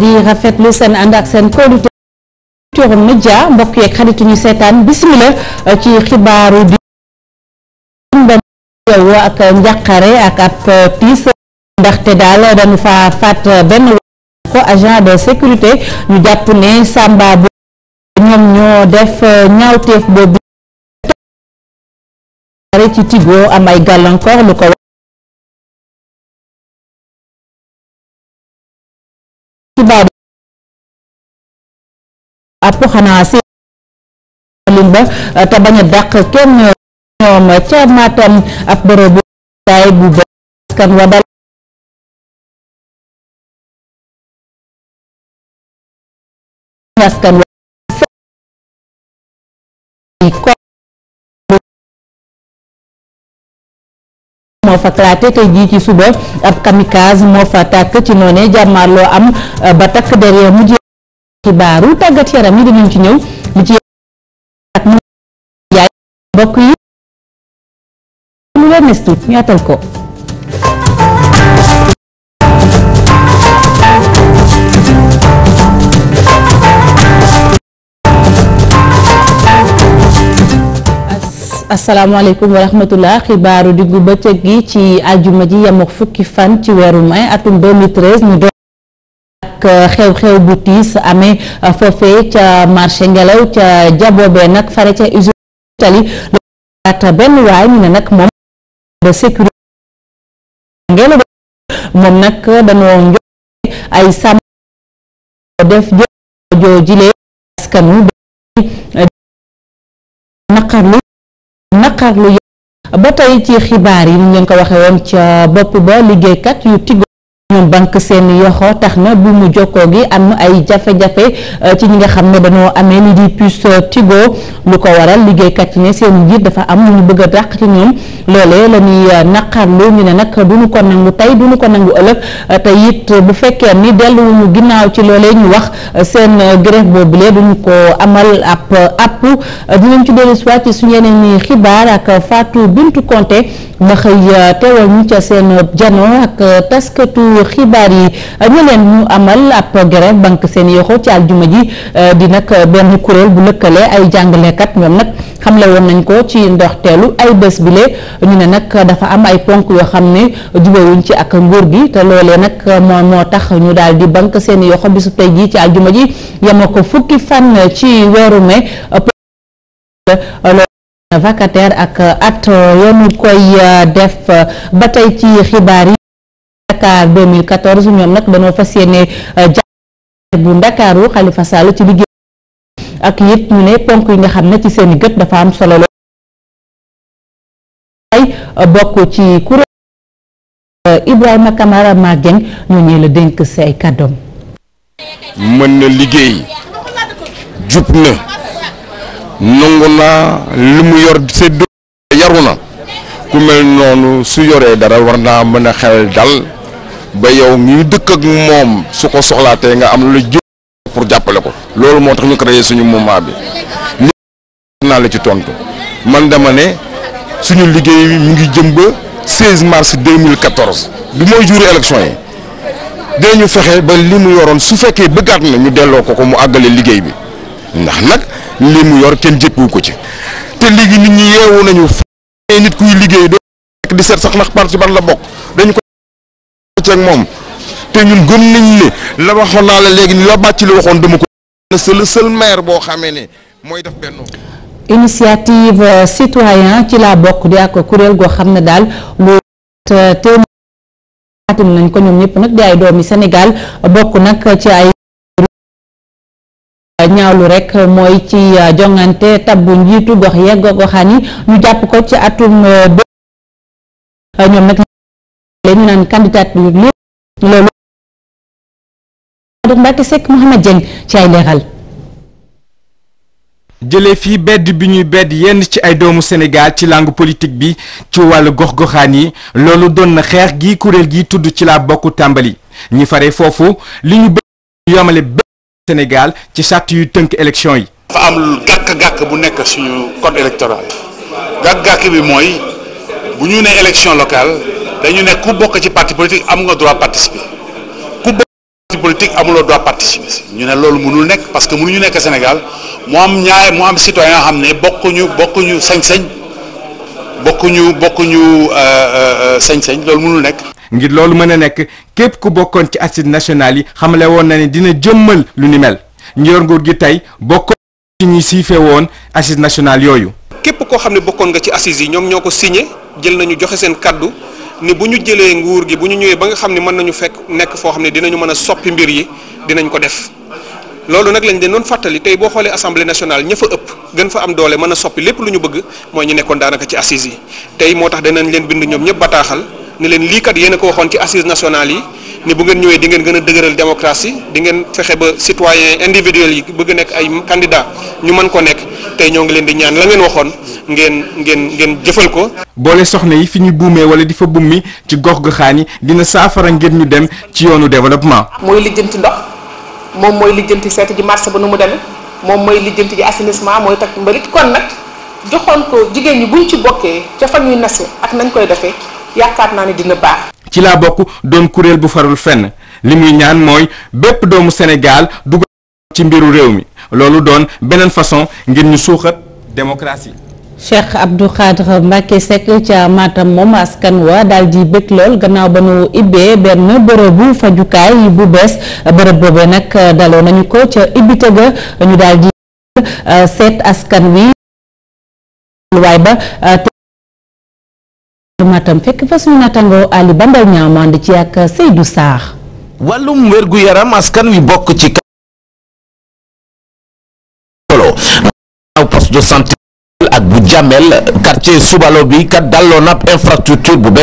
di rafetlu seen ànd ak seen producteur culture média mbokk yeeg xaritu ñu seetaan bismillah eh, ci xibaaru di yow ak njàqare ak ab piis eh, ndaxte daal dañu fa faat benn ko agent de sécurité ñu jàpp ne sàmba bu ñoom ñoo def eh, ñaawteef boobu ci Tigo am ay gàllankoor lu ko xibaar ab xanaa si lim ba te bañ a dàq kenn ñoom ca Matam ab bërëbu daay bu ba askan wa dal askan wa moo fa klaate tey jii ci suba ab kamikaze moo fa tàkk ci noonee jàmmaarloo am euh, ba takk derrière mu ci baaru tàggat yaram yi dinañ ci ñëw li ci ak yaay mbokk yi lu la nestu ñaatal ko asalaamaaleykum wa rahmatullah xibaaru diggu bëccëg gi ci àjjuma ji yem ak fukki fan ci weeru mai atum 2013 ñu doon ak xew-xew bu tiis amee foofee ca marché ngelaw ca jaboobee nag fare ca usine tali doata benn waay moom de sécurité ngelaw moom nag dañoo naqarlu ba tey ci xibaar yi ñu leen ko waxee woon ca bopp ba liggéeykat yu tigo ñoom banque seen yoxo tax na bu mu jokkoo gi am ay jafe-jafe euh, ci ñi nga xam ne dañoo amee li di puce euh, Tigo lu ko waral liggéeykat yi ne seen njiit dafa am lu ñu bëgg a dàq ci ñoom loolee la ñuy euh, naqarlu ñu ne nag du ñu ko nangu tey du ñu ko nangu ëllëg te it bu fekkee ni delluwuñu ginnaaw ci loolee ñu wax seen grève boobule du ñu ko amal ab app dinañ ci dellu soit ci suñu xibaar ak Fatou Bintou Konté ma xëy teewal ñu ca seen jano ak taskatu xibaar yi ñu leen ñu amal ab grève banque seen yoxo ci aljuma ji euh, di nag benn kuréel bu lëkkale ay jàngalekat ñoom nag xamle woon nañ ko ci ndoxteelu ay bés bile ñu ne nag dafa am ay ponk yoo xam ne jubawuñ ci ak nguur gi te loolee nag moo moo tax ñu daal di banque seen yoxo bisu tey jii ci aljuma ji yema ko fukki fan ci weeru mai ak at yoonu koy euh, def euh, ba tey ci xibaar yi Dakar 2014 ñoom nag dañoo fas yéene euh, jàpp bu Ndakaaru Khalifa Sall ci liggéey ak it ñu ne ponk yi nga xam ne ci seen gët dafa am solo la ay euh, bokk ci kuréel euh, Ibrahima Kamara Mageng ñu ñee la dénk si ay mën na liggéey jub na nangu naa li mu yor sedd yaru na ku mel noonu su yoree dara war naa mën a xel dal ba yow miy dëkk ak moom su ko soxlaatee nga am lu la pour jàppale ko loolu moo tax ñu ko créé suñu moment bi li naa la ci tontu man dama ne suñu liggéey mi ngi jëm ba 16 mars 2014 bi mooy jour élection yi ñu fexe ba li mu yoroon su fekkee bëggaat na ñu delloo ko ko mu àggale liggéey bi ndax nag li mu yor kenn jëppiwu ko ci te léegi nit ñi yeewu nañu nit kuy liggéey doo fekk di seet sax ndax parti ban la bokk dañu ko ceeg moom te ñun gëm nañ ne la waxoon naa la léegi ni la bàcc li waxoon dama ko c'est le seul maire boo xamee mooy def benn initiative euh, citoyen ci laa bokk di kuréel goo xam ne daal lu téeméer euh, nañ ko ñoom ñëpp nag di ay doomi Sénégal bokk nag ci ay ñaawlu rek mooy ci euh, jongante tabbu njiitu gox yeeg goxaan yi ñu jàpp ko ci atum ñoom nag ñu naan candidat loolu dok Mbacké Seck Mouhamed Dieng jëlee fii bedd bi ñuy bedd yenn ci ay doomu senegaal ci langue politik bi ci wàll gox-goxaan yi loolu doon na xeex gi kuréel gi tudd ci la bokk tàmbali ñi fare foofu liñu ñu bëgg yomale bépp Sénégal ci sàtt yu tënk élection yi dafa am gàkk-gàkk bu nekk suñu code électoral gàkk-gàkk bi mooy bu ñu ne élection locale dañu nekk ku bokk ci parti politique am nga droit participer ku bokk parti amuloo droit participer ñu ne loolu mënul nekk parce que ñu nekk Sénégal moo am ñaar mu am citoyen yoo xam ne bokkuñu bokkuñu sañ-sañ bokkuñu bokkuñu euh, euh, euh, sañ-sañ loolu mënul nekk. ngir loolu mën a nekk képp ku bokkoon ci assises nationales yi xamale woon na ne dina jëmmal lu ni mel njëriñ nguur gi tey bokkoon ci ñi siife woon assises national yooyu. képp koo xam ne bokkoon nga ci assises yi ñoom ñoo ko signé jël nañu joxe seen kàddu. ni bu ñu jëlee nguur gi bu ñu ñëwee ba nga xam ne mën nañu fekk nekk foo xam ne dinañu mën a soppi mbir yi dinañ ko def loolu nag lañ leen doon fàttali tey boo xoolee assemblée nationale ña fa ëpp gën fa am doole mën a soppi lépp lu ñu bëgg mooy ñu nekkoon daanaka ci assises yi tey moo tax danañ leen bind ñoom ñëpp bataaxal ne leen liikat kat yéen ko waxoon ci assises nationales yi ni bu ngeen ñëwee di ngeen gën a dëgëral démocratie di ngeen fexe ba citoyen individuel yi bëgg nekk ay candidat ñu man ko nekk tey ñoo ngi leen di ñaan la ngeen waxoon ngeen ngeen ngeen jëfal ko. boole soxna yi fi ñuy buumee wala di fa bummi ci gox goxaan yi dina saafara ngir ñu dem ci yoonu développement. mooy lijjanti ndox moom mooy lijjanti seet ji marché ba nu mu demee moom mooy lijjanti ji assainissement mooy takk mbalit kon nag joxoon ko jigéen ñi buñ ci bokkee ca fa ñuy nase ak nañ koy defee. yaakaar naa ne dina baax. ci la bokk doon kuréel bu farul fenn li muy ñaan mooy bépp doomu senegaal dugg ci mbiru réew mi loolu doon beneen façon ngir ñu suuxat démocratie. Cheikh Abdou Khadre Mbacké Seck ca Matam moom askan wa daal di bëgg lool gannaaw ba nu ibbee benn bërëbu fajukaay bu bees bërëb boobee nag daloo nañu ko ca ibbite ga ñu daal seet askan wi Matam fekk fa suñu nattangoo Ali Bandal ñaamand ci ak Seydou saax wàllum wérgu yaram askan wi bokk ci kolo aw poste de santé ak bu jàmmel quartier Subalo bi kat dalloo nab infrastructure bu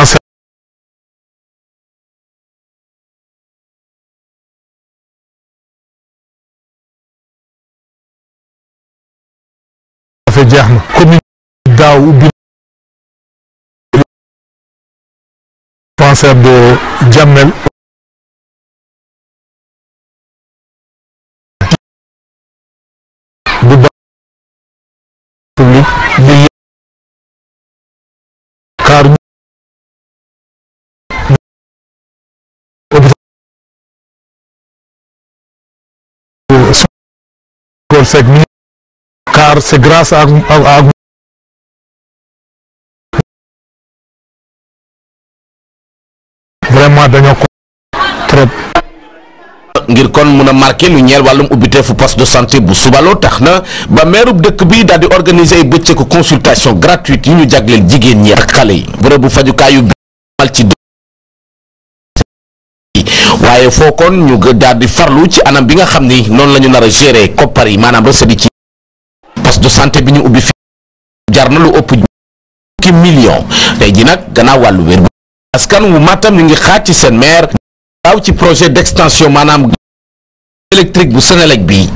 bes jeex na commune daaw ubbi cancer de Diamel bu baax public bi car hôpital Sec Sarr c'est grâce à trop. ngir kon mun a marqué lu ñeel wàllum ubbiteefu poste de santé bu subaloo tax na ba meerub dëkk bi daal di organiser ay bëccëgu consultation gratuite yi ñu jagleel jigéen ñi ak xale yi bërëbu fajukaayu bi waaye foo kon ñu daal farlu ci anam bi nga xam ni noonu la ñu nar a yi maanaam recette ci poste de santé bi ñu ubbi fi jar na lu ëpp ki million tey ji nag gannaaw wàllu wér askan wu Matam ñu ngi xaat ci seen maire daaw ci projet d'extension maanaam électrique bu Senelec bi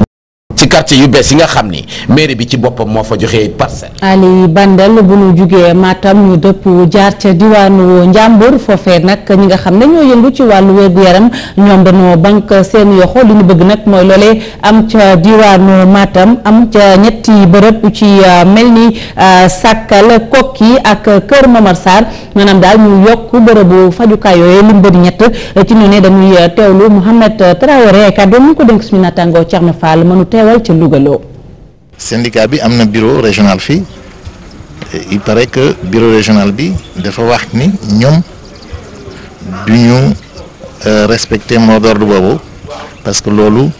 ci quartier yu bees yi nga xam ni mairie bi ci boppam moo fa joxe parcelle. Ali Bandel bu ñu jugee Matam ñu dëpp jaar ca diwaanu Njàmbur foofee nag ñi nga xam ne ñoo yëngu ci wàllu wér-gu-yaram ñoom dañoo bank seen yoxo lu ñu bëgg nag mooy loolee am ca diwaanu Matam am ca ñetti bërëb ci euh, mel ni euh, Sàkkal Kokki ak Kër Momar Sarr maanaam daal ñu yokk bërëbu fajukaay yooyu lim bëri ñett ci ñu ne dañuy euh, teewlu Mouhamed Traoré kàddu mu ko dénk suñu naataangoo Thierno teewal ca Louga bi am na bureau régional fii il pare que bureau régional bi dafa wax ni ñoom du ñu euh, respecter mot d'ordre boobu parce que loolu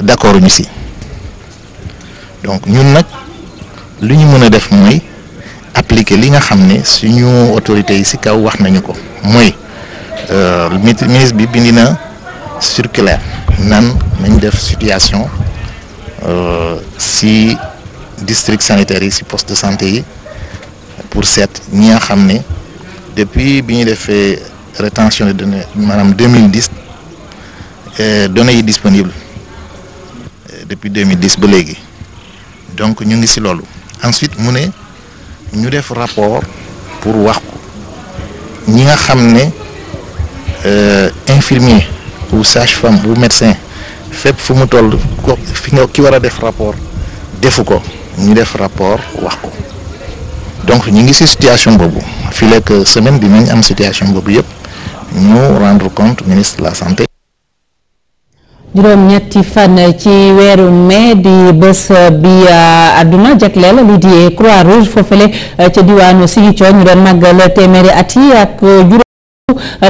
d'accord ñu si donc ñun nag lu ñu mën a def mooy appliquer li nga xam ne suñu autorités yi si kaw wax nañu ko mooy euh, ministre bi bindi na circulaire nan nañ def situation Euh, si district sanitaire yi si poste de santé yi pour seet ñi nga xam ni depuis bi ñu defee rétention de données maanaam 2010 eh, données yi disponible eh, depuis 2010 ba léegi donc ñu ngi si loolu ensuite mu ne ñu def rapport pour wax ko ñi nga xam ne euh, infirmier ou sage-femme ou médecin fépp fu mu toll ko fi nga ki war a def rapport defu ko ñu def rapport wax ko donc ñu ngi ci situation boobu fii lekk semaine bi nañ am situation boobu yëpp ñu rendre compte ministre de la santé. juróom ci weeru mai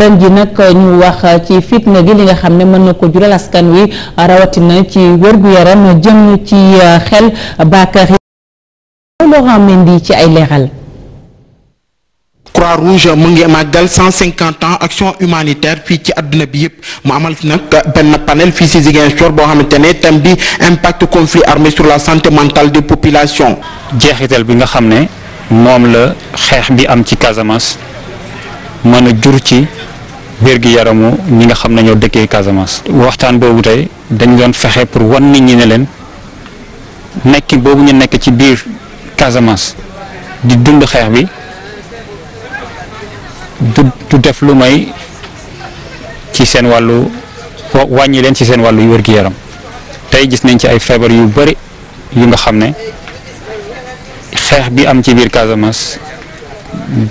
ren ji nag ñu wax ci fitna gi li nga xam ne mën na ko jural askan wi rawatina ci wér-gu-yaram jëm ci euh, xel Bakary Laurent Mendy ci ay leeral Croix Rouge mu ngi màggal 150 ans action humanitaire fii ci àdduna bi yëpp mu amal nag benn panel fii si Ziguinchor boo xamante ne thème bi impact conflit armé sur la santé mentale des populations. jeexital bi nga xam ne moom la xeex bi am ci Casamance. mën a jur ci wér gi yaramu ñi nga xam ne ñoo dëkkee Casamance. waxtaan boobu tey dañ doon fexe pour wan nit ñi ne leen nekki boobu ñu nekk ci biir Casamance di dund xeex bi du du def lu may ci seen wàllu wàññi leen ci seen wàllu wér gi yaram tey gis nañ ci ay feebar yu bari yu nga xam ne xeex bi am ci biir Casamance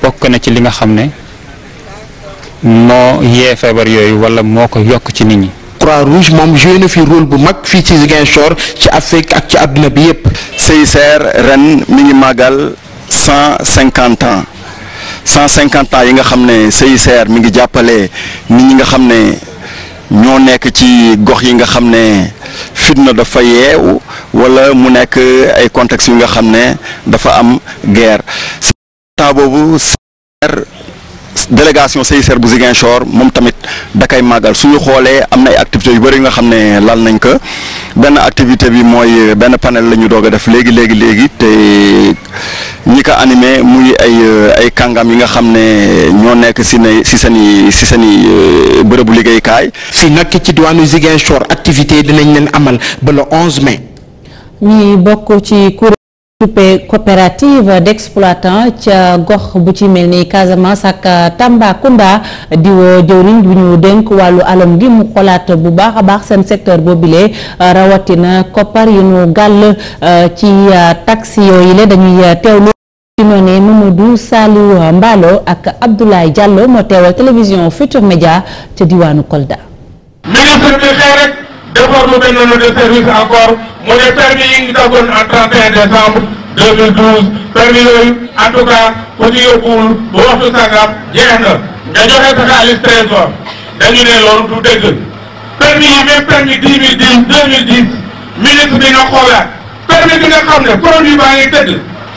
bokk na ci li nga xam ne. moo yee feebar yooyu wala moo ko yokk ci nit ñi. Croix Rouge moom joué fi rôle bu mag fii ci Ziguinchor ci Afrique ak ci àdduna bi yépp. CICR ren mi ngi màggal cent cinquante ans cent cinquante ans yi nga xam ne CICR mi ngi jàppale nit ñi nga xam ne ñoo nekk ci gox yi nga xam ne fitna dafa yeew wala mu nekk ay contexte yi nga xam ne dafa am guerre. délégation CICR bu Ziguinchor moom tamit da koy màggal suñu xoolee am na ay activités yu bëri nga xam ne lal nañ ko benn activité bi mooy benn panel la ñu doog a def léegi léegi léegi te ñi ko animé muy ay euh, ay kàngam yi nga xam ne ñoo nekk si ne si seen i si seen i euh, bërëbu liggéeykaay. fii nag ci diwaanu Ziguinchor activité dinañ leen amal ba le 11 mai. ñi bokk ci kuréel coupé coopérative d'exploitant ca gox bu ci mel ni Casamance ak euh, Tambacounda di woo jëwriñ bi ñu wàllu alam gi mu xolaat bu baax a baax seen secteur boobile euh, rawatina koppar yi ñu gàll euh, ci taxi yooyu le dañuy teewlu ci noonee Mamadou Saliou Mballo ak Abdoulaye Diallo moo teewal télévision Futur Média ca diwaanu Kolda defar lu mel noonu de service encore mu ne permis yi ñu daggoon en 31 décembre 2012 permis yooyu en tout cas ku ci yóbbuwul bu waxtu sangam jeex na nga joxe sa dañu ne loolu du dëgg permis yi même permis 10 000 10 2010 ministre bi nga xoolaat permis bi nga xam ne produit baa ngi tëdd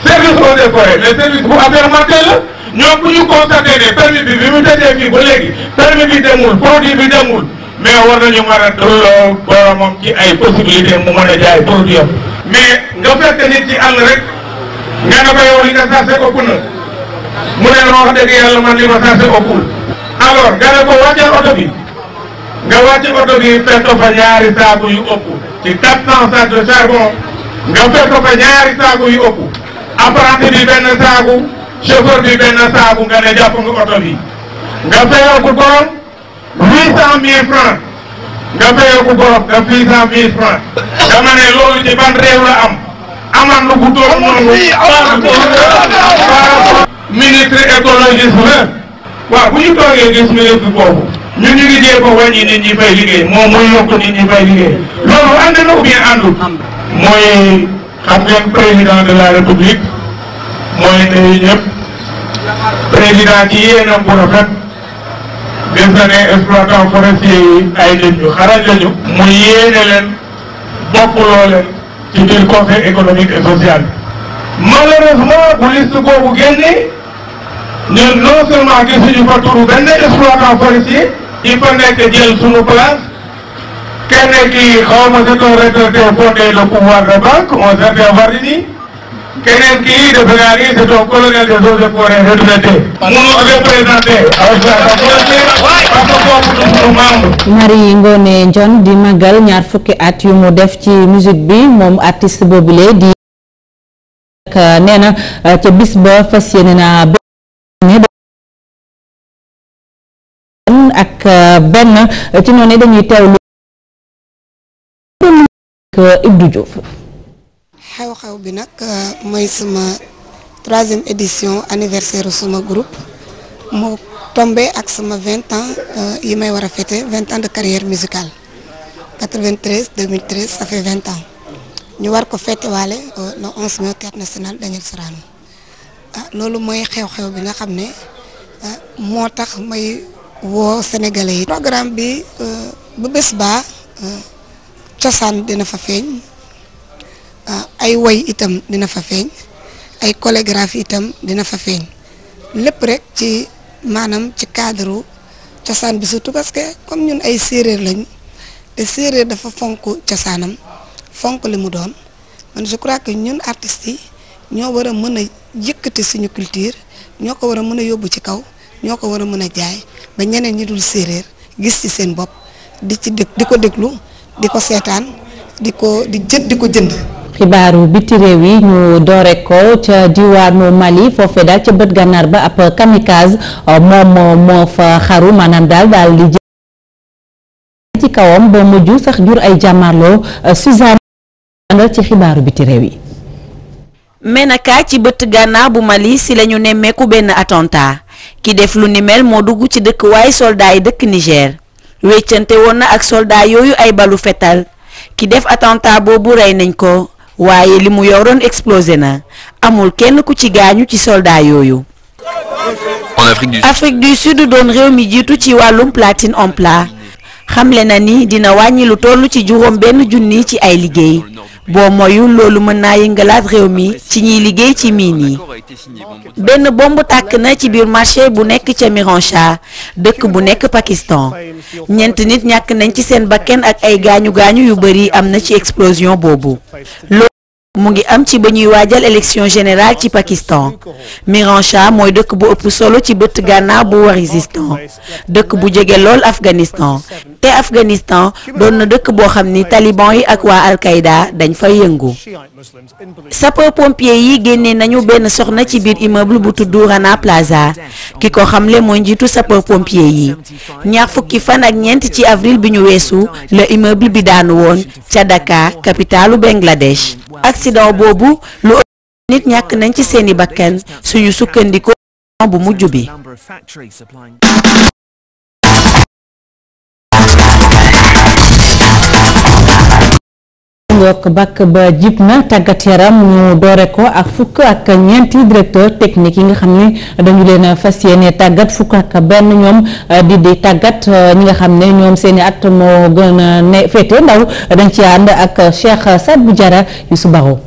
service eaux et forêts mais service bu assermenté la ñoom bu ñu constaté ne permis bi bi mu tëddee fii ba léegi permis bi demul produit bi demul. mais war nañu mën a dolloo boromam ci ay possibilité mu mën a jaay produit am mais nga fekk nit ci àll rek nga ne ko yow li nga sase ëpp na mu ne la wax dëgg yàlla man li ma sase ëppul nga ne ko wàcceel oto bi nga wàcce oto bi fekk fa ñaari yu ëpp ci quatre cent sacs de charbon nga fekk fa ñaari saaku yu ëpp apprenti bi benn saaku chauffeur bi benn saaku nga ne jàpp oto bi nga fayal ko borom huit cent mille francs nga fayee ko borom nga huit cent mille francs loolu ci ban réew la am amaan lu ko toog noonu ministre écologiste la bu ñu toogee gis ministre boobu ñun ñu liggéey ko wàññi nit ñi fay liggéey moom mooy yokk nit ñi fay liggéey loolu ànd na ou bien mooy xam ngeen président de la république mooy nuyu ñëpp président ci yéenam bu rafet gis na ne exploitant forestier yi ay nit ñu xarañ lañu mu yéene leen bokkuloo leen ci biir conseil économique et social malheureusement bu liste boobu génnee non seulement gisuñu fa turu benn exploitant forestier ñi fa nekk jël suñu place kenn ki xaw ma c'est un retraité fondé le pouvoir de banque on certain Varini keneen kii de Bengari c'est di màggal ñaar fukki at yu mu def ci musique bi moom artiste boobule di nee na ca bis ba fas yéene naa benn ak benn ci noonu dañuy teewlu Ibdou xew-xew bi nag euh, mooy suma troisième édition anniversaire suma groupe mu tombe ak suma vingt ans euh, yi may war a fêter vingt ans de carrière musicale 93 2013 ça fait vingt ans ñu war ko fêtewaale euh, le 11 mai théâtre national Daniel Sorano ah loolu mooy xew-xew bi nga xam ne moo tax may woo sénégalais yi. programme bi bu bés ba cosaan dina fa feeñ. Ah, ay woy itam dina fa feeñ ay chorégraphie itam dina fa feeñ lépp rek ci maanaam ci cadre cosaan bi surtout parce que comme ñun ay séeréer lañ te séeréer dafa fonk cosaanam fonk li mu doon man je crois que ñun artistes yi ñoo war a mën a yëkkati suñu culture ñoo ko war a mën a yóbbu ci kaw ñoo ko war a mën a jaay ba ñeneen ñi dul séeréer gis ci seen bopp di ci di ko déglu di ko seetaan di ko di jënd di ko jënd xibaaru biti réew yi ñu ca diwaanu Mali foofe ca bët gànnaar ba ab kamikaze euh, xaru maanaam daal daal di ci kawam ba mujj sax jur euh, ci réew yi menaka ci bët gànnaar bu Mali ci lañu nemmeeku benn attentat ki def lu ni mel moo dugg ci dëkk waaye soldat dëkk Niger weccante woon na ak soldat yooyu ay balu fetal ki def attentat boobu rey nañ ko waaye li mu yoroon explosé na amul kenn ku ci gaañu ci soldat yooyu. en Afrique du Sud doon réew mi jiitu ci wàllum platine en plat xamle na ni dina wàññi lu toll ci juróom benn junni ci ay liggéey boo moyul loolu mën naa yëngalaat réew mi ci ñiy liggéey ci miin yi benn bomb tàkk na ci biir marché bu nekk ca Miranshah dëkk bu nekk Pakistan ñeent nit ñàkk nañ ci seen bakken ak ay gaañu gaañu yu bari am na ci explosion boobu. mu ngi am ci ba ñuy waajal élection général ci Pakistan Miranshah mooy dëkk bu ëpp solo ci bëtt gànnaaw bu Waziristan dëkk bu jege lool Afghanistan te Afghanistan doon na dëkk boo xam ni taliban yi ak waa Al-Qaïda dañ fay yëngu. sapeur pompier yi génne nañu benn soxna ci biir immeuble bu tudd Rana Plaza ki ko xamle mooy njiitu sapeur pompier yi ñaar fukki fan ak ñeent ci avril bi ñu weesu la immeuble bi daanu woon ca Dhaka capitalu Bangladesh. accident boobu lu nit ñakk nañ ci seeni bakkan suñu sukkandiku bu mujj bi ngook bàkk ba jib na tàggat yaram ñu doore ko ak fukk ak ñeenti directeur technique yi nga xam ne dañu leen fas yéene tàggat fukk ak benn ñoom euh, di di tàggat euh, ñi nga xam ne ñoom seeni at moo gën a ne féete ndaw dañ ci ànd ak Cheikh Sadbou Diarra su Baro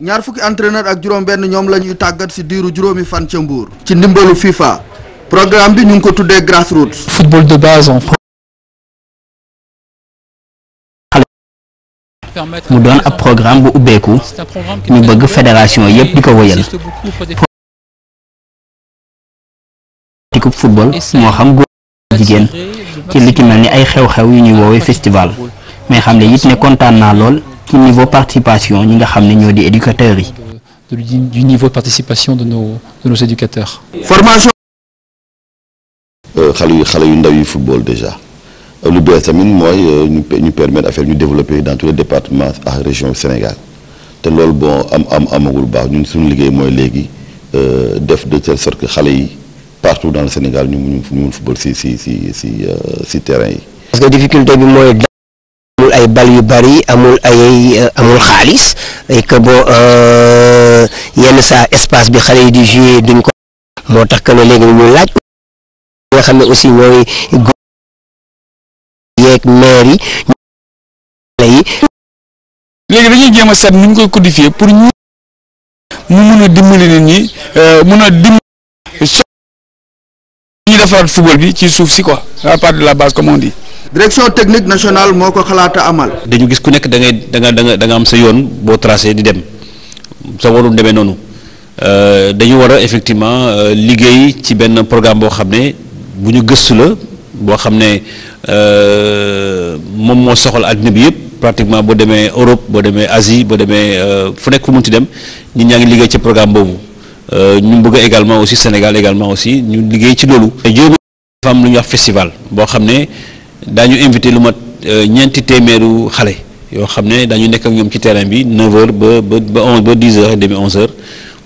ñaar fukki entraîneur ak juróom benn ñoom la ñuy tàggat si diiru juróomi fan ca Mbour ci ndimbalu FIFA programme bi ñu ngi ko tuddee grassroots football de base mu doon ab programme bu ubbeeku ñu bëgg fédération yépp di ko wëyal tikub football moo xam góor jigéen ci li mel ni ay xew-xew yu ñuy woowee festival mais xam ne it ne kontaan naa lool ci niveau participation ñi nga xam ne ñoo di éducateurs yi du niveau de participation de nos éducateurs. formation. Euh, lu bees tamit mooy euh, ñu ñu permettre affaire ñu développer dans tous les départements ak région Sénégal te loolu bon am am amagul baax ñu suñu liggéey mooy léegi euh, def de telle sorte xale yi partout dans le Sénégal ñu ñu ñu mun football si si si euh, si terrain yi. parce que difficulté bi mooy. amul ay bal yu bari amul ay amul xaalis et que bon yenn saa espace bi xale yi di jouer duñ ko moo tax que yeeg maire yi. léegi dañuy jéem a seet nu ñu koy codifier pour ñu mu mun a dimbali nit ñi euh, mun a dimbali ñu defaraat football bi ci suuf si ko à part de la base comme direction technique nationale moo ko xalaata amal. dañu gis ku nekk da ngay da danga am sa yoon boo trasee di dem sa warul demee noonu euh, dañu war a effectivement euh, liggéey ci benn programme boo xam ne bu ñu gëstu la boo xam ne. Euh, moom moo soxal addina bi yëpp pratiquement boo demee Europe boo demee Asie boo demee euh, fu nekk fu munti dem ñi ñaa ngi liggéey ci programme boobu euh, ñu bëgg également aussi Sénégal également aussi ñu liggéey ci loolu. juróomi dafa lu ñuy wax festival boo xam ne daañu invité lu mat ñeenti téeméeru xale yoo xam ne dañu nekk ak ñoom ci terrain bi 9h ba ba ba 11 ba 10h demi 11h.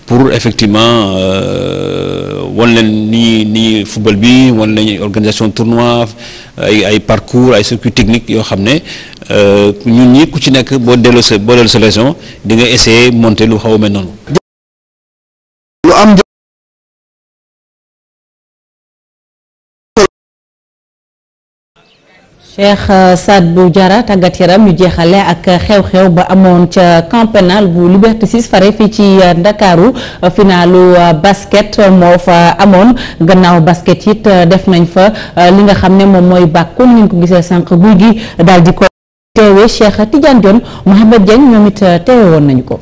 pour effectivement euh, wan leen ni nii football bi wan leen organisation tournoi ay ay parcours ay circuit technique yoo xam ne euh, ñun ñi ku ci nekk boo dellu sa boo delloo sa région di nga essayer monter lu xaw a mel noonu. Cheikh euh, Sadbou Diarra tàggat yaram ñu jeexale ak xew-xew ba amoon ca camp pénal bu Liberté 6 fare fii ci euh, Ndakaaru euh, finalu basket moo fa amoon gannaaw basket it def nañ fa li nga xam ne moom mooy bàkku ni ñu ko gisee sànq guy gi daal di ko teewe Cheikh Tidiane Dione Mohamed Dieng ñoom it teewe woon nañu ko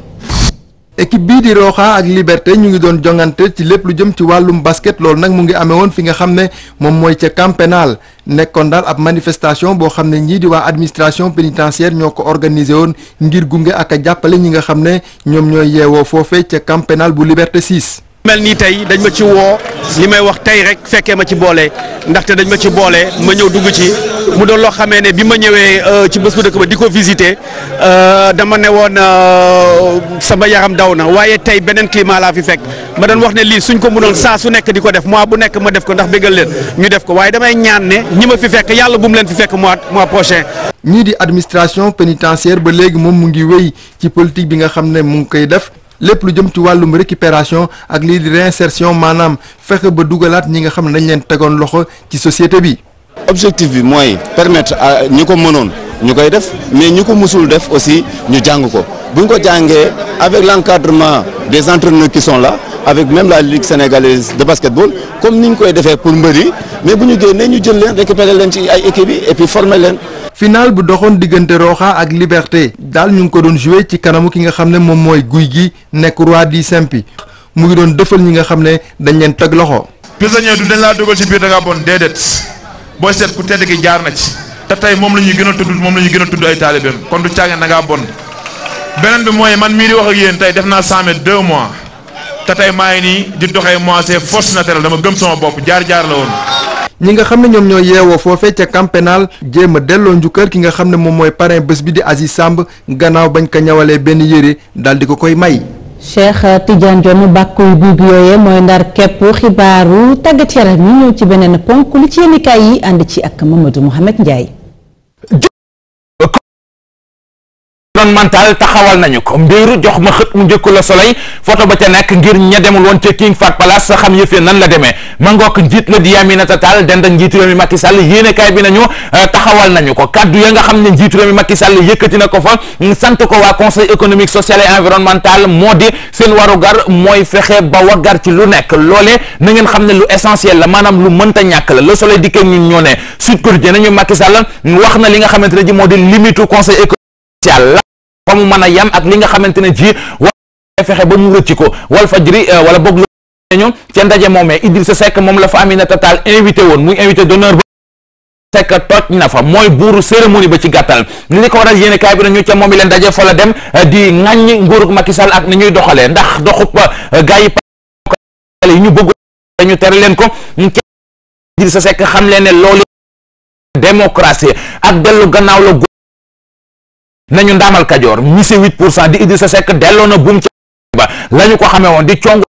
équipe bii di Roxa ak Liberté ñu ngi doon jongante ci lépp lu jëm ci wàllum basket loolu nag mu ngi amee woon fi nga xam ne moom mooy ca camp pénal nekkoon daal ab manifestation boo xam ne ñii di waa administration pénitentiaire ñoo ko organisé woon ngir gunge ak jàppale ñi nga xam ne ñoom ñooy yeewoo foofe ca camp bu Liberté 6. mel nii tey dañ ma ci woo li may wax tey rek fekkee ma ci boole ndaxte dañ ma ci boole ma ñëw dugg ci mu doon loo xamee ne bi ma ñëwee euh, ci bés bu dëkk ba di ko visité euh, dama ne woon euh, sama yaram daw na waaye tey beneen climat laa fi fekk ma doon wax ne lii suñ ko mënoon saa su nekk di ko def mois bu nekk ma def ko ndax béggal leen ñu def ko waaye damay ñaan ne ñi ma fi fekk yàlla bu mu leen fi fekk moo mois prochain. ñii di administration pénitentiaire ba léegi moom mu ngi wéy ci politique bi nga xam ne mu ngi koy def. lépp lu jëm ci wàllum récupération ak lii di réinsertion maanaam fexe ba dugalaat ñi nga xam ne dañ leen tegoon loxo ci société bi. objectif bi mooy permettre à ñi ko mënoon ñu koy def mais ñi ko mosul def aussi ñu jàng ko bu ñu ko jàngee avec l'encadrement des entraîneurs qui sont la avec même la ligue sénégalaise de basketball comme ni ñu koy defee pour mbër mais bu ñu génnee ñu jël leen récupérer leen ci ay équipes yi et puis former leen. final bu doxoon diggante Roxa ak Liberté daal ñu ngi ko doon joué ci kanamu ki nga xam ne moom mooy guy gi nekk roi di sempi mu ngi doon dëfal ñi nga xam ne dañ leen teg loxo. prisonnier du dañ laa dugal ci biir da ngaa bon déedéet booy seet ku tedd ki jaar na ci te tey moom la ñuy gën a tudd moom la ñuy gën a tudd ay taalibeem kon du caagin da ngaa bon beneen bi mooy man mii di wax ak yéen tey def naa samé deux mois te tey maa ngi nii di doxee mois c'est force naturelle dama gëm sama bopp jaar jaar la woon. ñi nga xam ne ñoom ñoo yeewoo foofee ca camp pénal jéem a delloo njukkër ki nga xam ne moom mooy parrain bés bi di Aziz Samb gannaaw bañ ko ñawalee benn yére daal di ko koy may. Cheikh Tidiane Dione bàkkuy guub yooye mooy ndar képp xibaaru tàggat yaram yi ñëw ci beneen ponk li ci yéenekaay yi ànd ci ak Mamadou Mouhamed Ndiaye. environnemental taxawal nañu ko mbiru jox ma xët mu njëkku la soleil photo ba ca nekk ngir ña demul woon ca King Fahd Palace sa xam yëfee nan la demee ma ngook njiit la di Aminata Tall dend ak njiitu réew mi Macky Sall yéenekaay bi nañu euh, ko kaddu ya xam ne njiitu réew mi Macky Sall yëkkati na ko fa sant ko waa conseil économique social et environnemental moo di seen warugar mooy fexe ba waggar ci lu nekk loole na ngeen xam ne lu essentiel la maanaam lu mënta ñàkk la le soleil dikkee ñun ñoo ne Sud Quotidien nañu Macky Sall wax na nga xamante ne ji moo di limitu spécial la fa mu mën a yam ak li nga xamante ne ji war fexe ba mu rëcc ko wal fajri euh, wala boog lu ñu ca ndaje moomee sa Seck moom la fa Aminata Tall invité woon mu invité d'honneur ba Seck tooj na fa mooy buuru cérémonie ba ci gàttal li ko waral yéene kaay bi nañu ca moom i leen ndaje fa dem euh, di ŋàññ nguurug Macky Sall ak ni ñuy doxalee ndax doxub euh, gaa yi yi ñu bëgg ñu tere leen ko sa Seck xam leen ne loolu démocratie ak dellu gannaaw la nañu ndaamal kajoor mise huit pour cent di sa Seck delloo na buum ca ba la ñu ko xamee woon di cong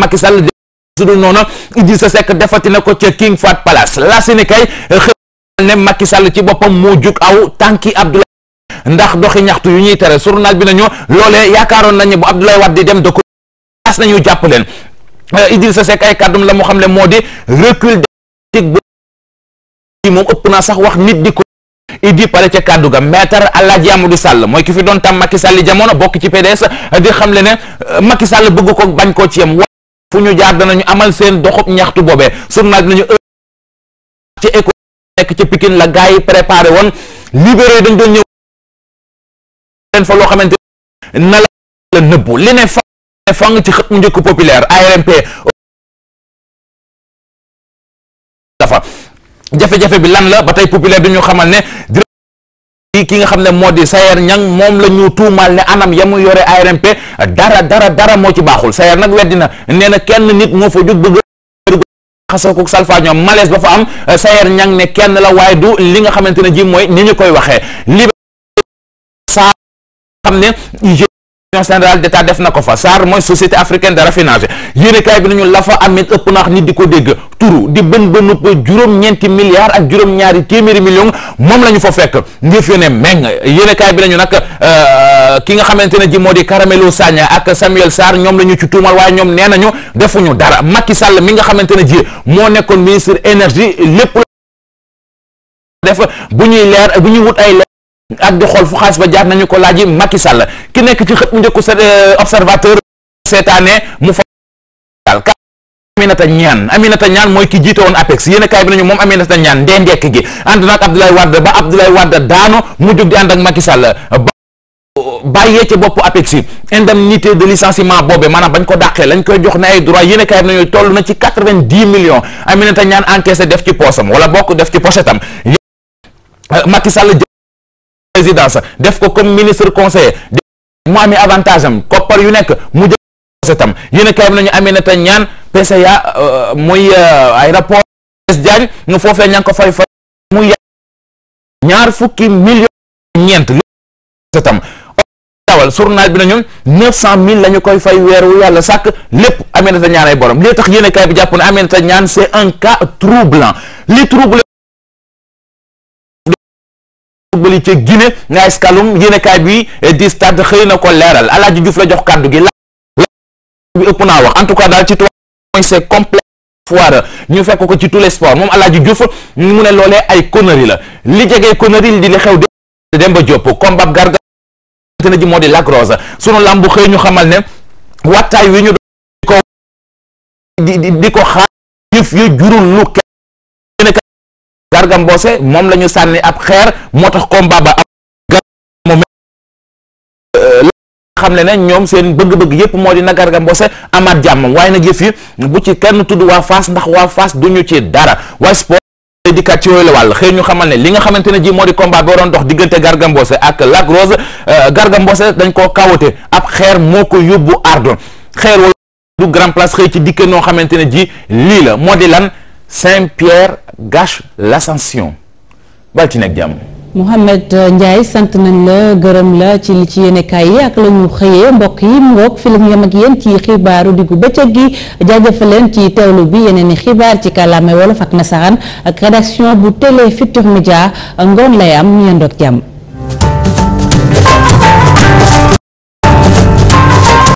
Macky Sall su dul noonu sa sekk defati na ko ca King Fahd Palace la si ni kay xëy ne Sall ci boppam moo jug aw tànki Abdoulaye ndax doxi ñaxtu yu ñuy tere journal bi nañu loolee yaakaaroon nañu bu Abdoulaye Wade di dem da ko na ñu jàpp leen euh, Idrissa Seck ay kàddum la mu xam ne moo di recul de moom ëpp naa sax wax nit di ko Idi pare ca kàddu ga maître Alaaji Amadou Sall mooy ki fi doon tam Macky Sall jamono bokk ci PDS eh, di xam le ne eh, Macky Sall bëgg ko bañ koo ci yem fu ñu jaar danañu amal seen doxub ñaxtu boobee surnaaj nañu eh, ci école nekk ca Pikine la gars yi préparé woon libéraux yi dañ doon ñëw fa loo xamante na la nëbbu li ne njëkk populaire dafa jafe-jafe bi lan la ba tey populaire bi ñu xamal ne di ki nga xam ne moo di Sayer Niang moom la ñu tuumaal ne anam ya mu yore ARMP dara dara dara moo ci baaxul Sayer nag weddi na nee na kenn nit moo fa jug bëgg xasa ko ñoom malaise ba fa am Sayer Niang ne kenn la waaye du li nga xamante ne ji mooy ni ñu koy waxee li saa xam ne direction générale d'état def na ko fa SAR mooy société africaine de raffinage yéenekaay bi nañu la fa amit ëpp naax nit di ko dégg turu di bën bënup juróom-ñeenti milliards ak juróom-ñaari téeméeri millions moom la ñu fa fekk ngëf yo ne meng yéenekaay bi nañu nag euh, ki nga xamante ne ji moo di Caramello Sagna ak Samuel Sarr ñoom la ñu ci tuumal waaye ñoom nee nañu defuñu dara Macky Sall mi nga xamante ne ji moo nekkoon ministre énergie lépp def bu ñuy leer bu ñuy wut ay leer ak di xool fu xaalis ba jaar nañu ko laaji Macky Sall ki nekk ci xët mu njëkku sa euh, observateur seetaane mu fa Aminata Niane Aminata ñaan mooy ki jiite woon APEX yéen a kaay bi nañu moom Aminata Niane ndee ndekk gi ànd na ak Abdoulaye Wade ba Abdoulaye Wade daano mu jóg di ànd ak Macky Sall ba bàyyee ca bopp APEX yi indemnité de licenciement boobee maanaam bañ ko dàqee lañ koy jox ne ay droit yéen a kaay bi nañu toll na ci quatre-vingt-dix millions Aminata Niane encaissé def ci poosam wala bokk def ci pochetam Macky présidence def ko comme ministre conseiller mu amee avantage am koppar yu nekk mu jël tam yéen a kaay bi nañu Aminata ñaan PCA euh, muy euh, ay rapport s Diagne nga foofee ña ngi ko fay fay mu ya ñaar fukki million ñeent li tam dawal journal bi nañu neuf cent mille la ñu koy fay weer wu yàlla sàkk lépp Aminata Niane ay borom li tax yéen a kaay bi jàpp ne Aminata Niane c'est un cas troublant li trouble football ci Guinée Ngaye Saloum yéenekaay bi eh, di stade xëy na ko leeral Alaaji Diouf la jox kàddu gi la bi ëpp naa wax en tout cas daal ci tubaab mooy c'est complet foire ñu fekk ko ci tous les sports moom Alaaji ñu mu ne loolee ay conneries la li jege conneries di li xew de Demba Diop combat garga tena ji moo di Lac Rose sunu làmb xëy ñu xamal ne wattaay wi ñu doon di ko di ko xaar yëf ya jurul lu Garga Mbossé moom la ñu sànni xeer moo tax combat ba am xam ne ne ñoom seen bëgg-bëgg yépp moo di na Garga Mbossé amaat jàmmam waaye na yëf yi bu ci kenn tudd waa Fass ndax waa Fass duñu ci dara waaye sport dikkaat ci yooyu xëy ñu xamal ne li nga xamante ne ji moo di combat bi waroon dox diggante Garga Mbossé ak Lac Rose euh, Garga dañ koo kawate ab xeer moo ko yóbbu ardo xeer wala du grand place xëy ci dikke noo xamante ji lii la moo di lan Saint Pierre gâche l'ascension bal ci nekk jàmm. Mouhamed Ndiaye sant nañ la gërëm la ci li ci yéenekaay yi ak la ñu xëyee mbokk yi mu ngoog fi la ñu yem ak yéen ci xibaaru diggu bëccëg gi jaajëfaleen ci teewlu bi yeneen i xibaar ci kàllaame wolof ak nasaraan ak rédaction bu Télé Futurs Médias ngoon lay am ñu yendoog jàmm.